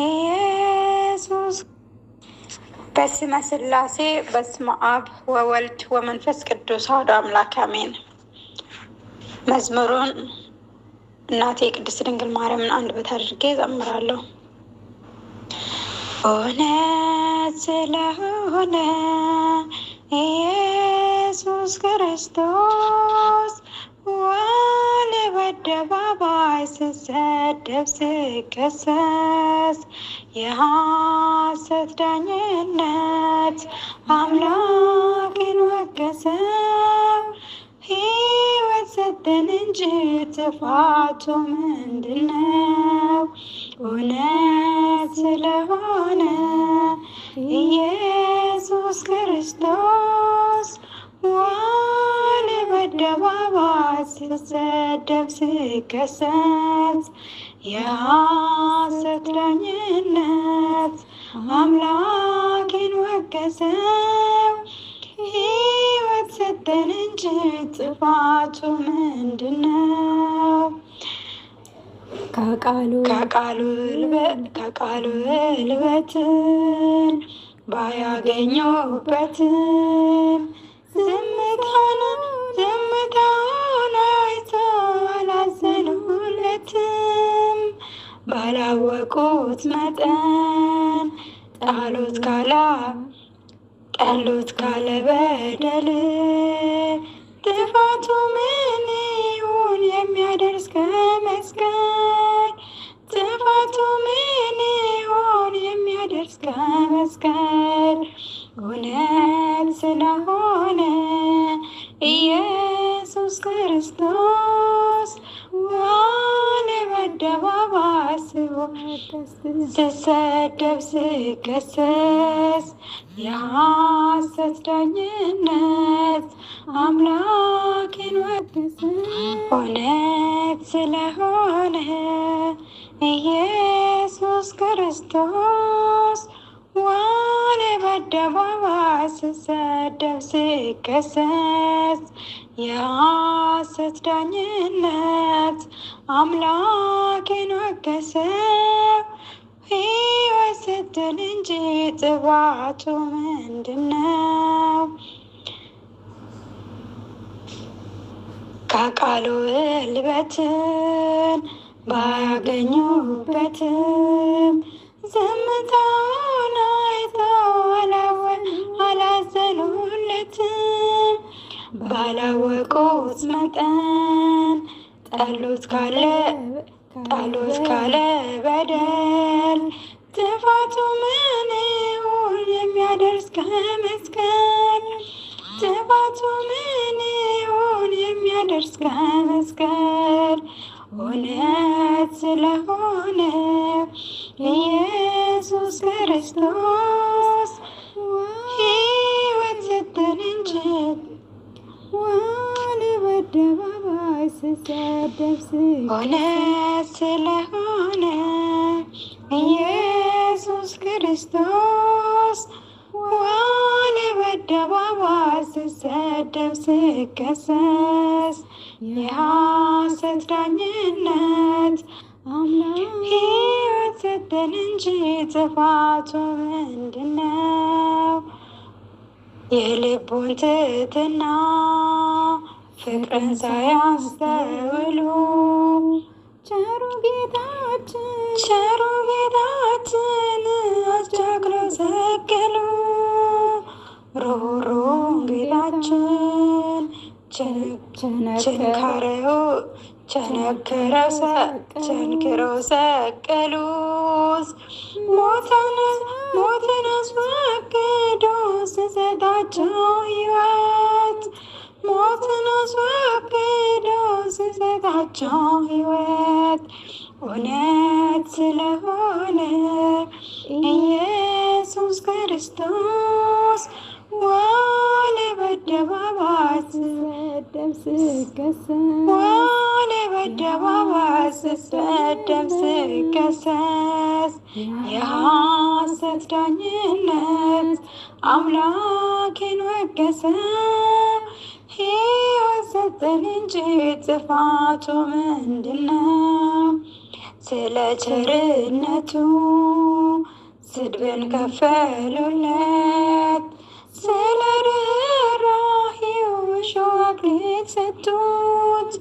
ኢየሱስ በስመ ስላሴ በስመ አብ ወወልድ ወመንፈስ ቅዱስ አሐዱ አምላክ አሜን። መዝሙሩን እናቴ ቅድስት ድንግል ማርያምን አንድ በት አድርጌ ዘምራለሁ። እውነት ስለሆነ ኢየሱስ ክርስቶስ በአደባባይ ስሰደብ ስከሰስ የሐሰት ዳኝነት አምላኬን ወገሰ! ሕይወት ሰጠን እንጂ ጥፋቱ ምንድነው? እውነት ስለሆነ ኢየሱስ ክርስቶስ ስሰደብ ስከሰስ የሐሰት ዳኝነት አምላኬን ወቀሰው። ሕይወት ሰጠን እንጂ ጥፋቱ ምንድን ነው? ከቃሉ እልበትን ባያገኘሁበትም ቁት መጠን ጣሉት ካላ ጠሉት ካለ በደል ጥፋቱ ምን ይሁን የሚያደርስ ከመስቀል ጥፋቱ ምን ይሁን የሚያደርስ ከመስቀል እውነት ስለሆነ ኢየሱስ ክርስቶስ ዋለ በደባ ስሰደብ ስከሰስ የሐሰት ዳኝነት አምላኬን ወድስ እውነት ስለሆነ ኢየሱስ ክርስቶስ ዋኔ በአደባባይ ስሰደብ ስከሰስ የሐሰት ዳኝነት አምላኬን ወቀሰ ገደል እንጂ ጥባቱ ምንድን ነው? ከቃሉ እልበትን ባያገኙበትም ዘምታውን አይተው አላዘኑለትም። ባላወቁት መጠን ጠሉት ካለ በደል እስከ መስቀል ጥፋቱ ምንውን የሚያደርስ ከመስቀል እውነት ስለሆነ ኢየሱስ ክርስቶስ ሕይወት ሰጠን እንጂ ዋን በአደባባይ ስሰደብ እውነት ስለሆነ አደባባይ ስሰደብ ስከሰስ የሐሰት ዳኝነት ሕይወት ሰጠን እንጂ ጥፋቱ ምንድነው? የልቡን ትትና ፍቅርን ሳያስተውሉ ቸሩ ጌታችን ቸሩ ጌታችን አስቸግሮ ሰቀሉ። ሮሮ ቢላችን ችንካሬው ቸንክረው ሰቀሉስ ሞትን አስወግዶ ሲሰጣቸው ሕይወት ሞትን አስወግዶ ሲሰጣቸው ሕይወት እውነት ስለሆነ ኢየሱስ ክርስቶስ በደባባስ ስደም ስከሰ ዋኔ በደባባስ ስደም ስከሰስ የሐሰት ዳኝነት አምላኬን ወቀሰ። ሕይወት ሰጠን እንጂ ጥፋቱ ምንድነው? ስለ ቸርነቱ ስድብን ከፈሉለት ስለ sakit setut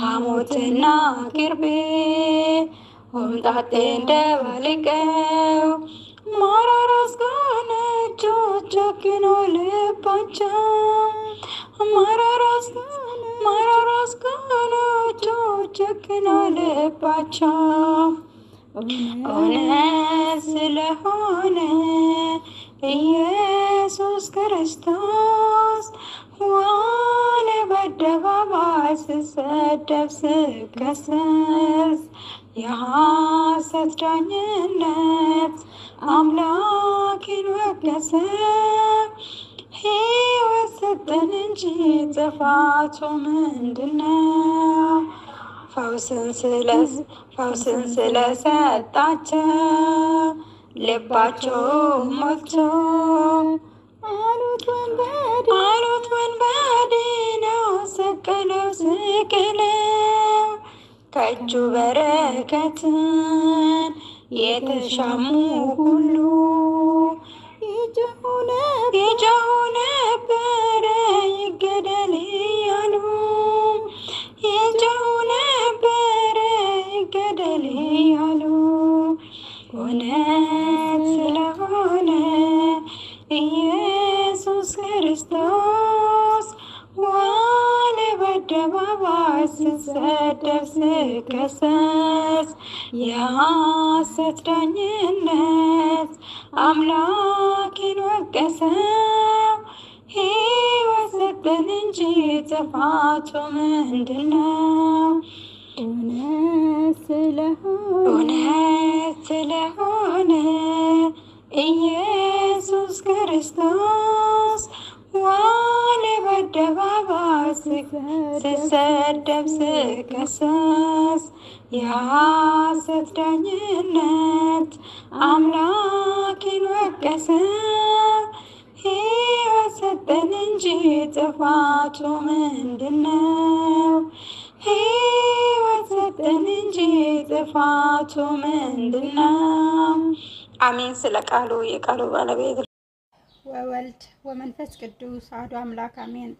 hamutena kirbi umdaten devalikeu mara rasgane chochakino le pacha mara ras mara rasgane chochakino le pacha Ones lehone Jesus Christos ስሰደብ ስከሰስ የሐሰት ዳኝነት አምላኬን ወቀሰ። ሕይወት ሰጠን እንጂ ጥፋቱ ምንድን ነው? ፈውስን ስለሰጣቸው ልባቸው ሞልቶ ያላችሁ በረከትን የተሻሙ ሁሉ ይጮሁ ነበረ በአደባባይ ስሰደብ ስከሰስ የሐሰት ዳኝነት አምላኬን ወቀሰው። ሕይወት ሰጠን እንጂ ጥፋቱ ምንድን ነው? እውነት ስለሆነ ኢየሱስ ክርስቶስ አደባባይ ስሰደብ ስከሰስ የሐሰት ዳኝነት አምላኬን ወቀሰ። ሕይወት ሰጠን እንጂ ጥፋቱ ምንድነው? ሕይወት ሰጠን እንጂ ጥፋቱ ምንድነው? አሜን። ስለ ቃሉ የቃሉ ባለቤት ወወልድ ወመንፈስ ቅዱስ አሐዱ አምላክ አሜን።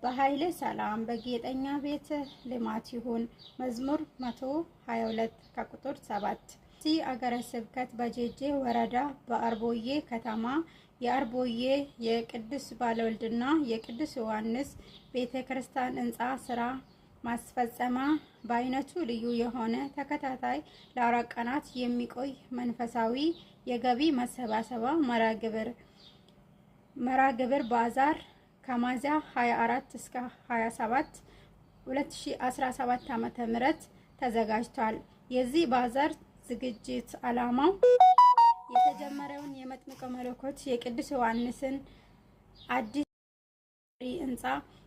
በኃይል ሰላም በጌጠኛ ቤት ልማት ይሁን። መዝሙር 122 ከቁጥር 7 ሲ አገረ ስብከት በጄጄ ወረዳ በአርቦዬ ከተማ የአርቦዬ የቅዱስ ባለወልድና የቅዱስ ዮሐንስ ቤተ ክርስቲያን ህንፃ ስራ ማስፈጸማ በአይነቱ ልዩ የሆነ ተከታታይ ለአራት ቀናት የሚቆይ መንፈሳዊ የገቢ ማሰባሰባ መራግብር ግብር መራ ግብር ባዛር ከማዚያ 24 እስከ 27 2017 ዓ.ም ተዘጋጅቷል። የዚህ ባዛር ዝግጅት ዓላማው የተጀመረውን የመጥምቀ መለኮት የቅዱስ ዮሐንስን አዲስ ሪ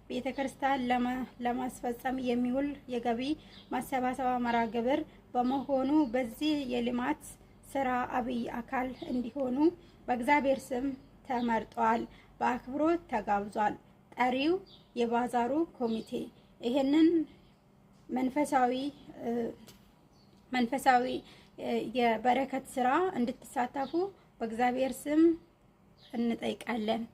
ቤተ ክርስቲያን ለማስፈጸም የሚውል የገቢ ማሰባሰብ መራ ግብር በመሆኑ በዚህ የልማት ስራ አብይ አካል እንዲሆኑ በእግዚአብሔር ስም ተመርጧል። በአክብሮት ተጋብዟል። ጠሪው የባዛሩ ኮሚቴ ይህንን መንፈሳዊ መንፈሳዊ የበረከት ስራ እንድትሳተፉ በእግዚአብሔር ስም እንጠይቃለን።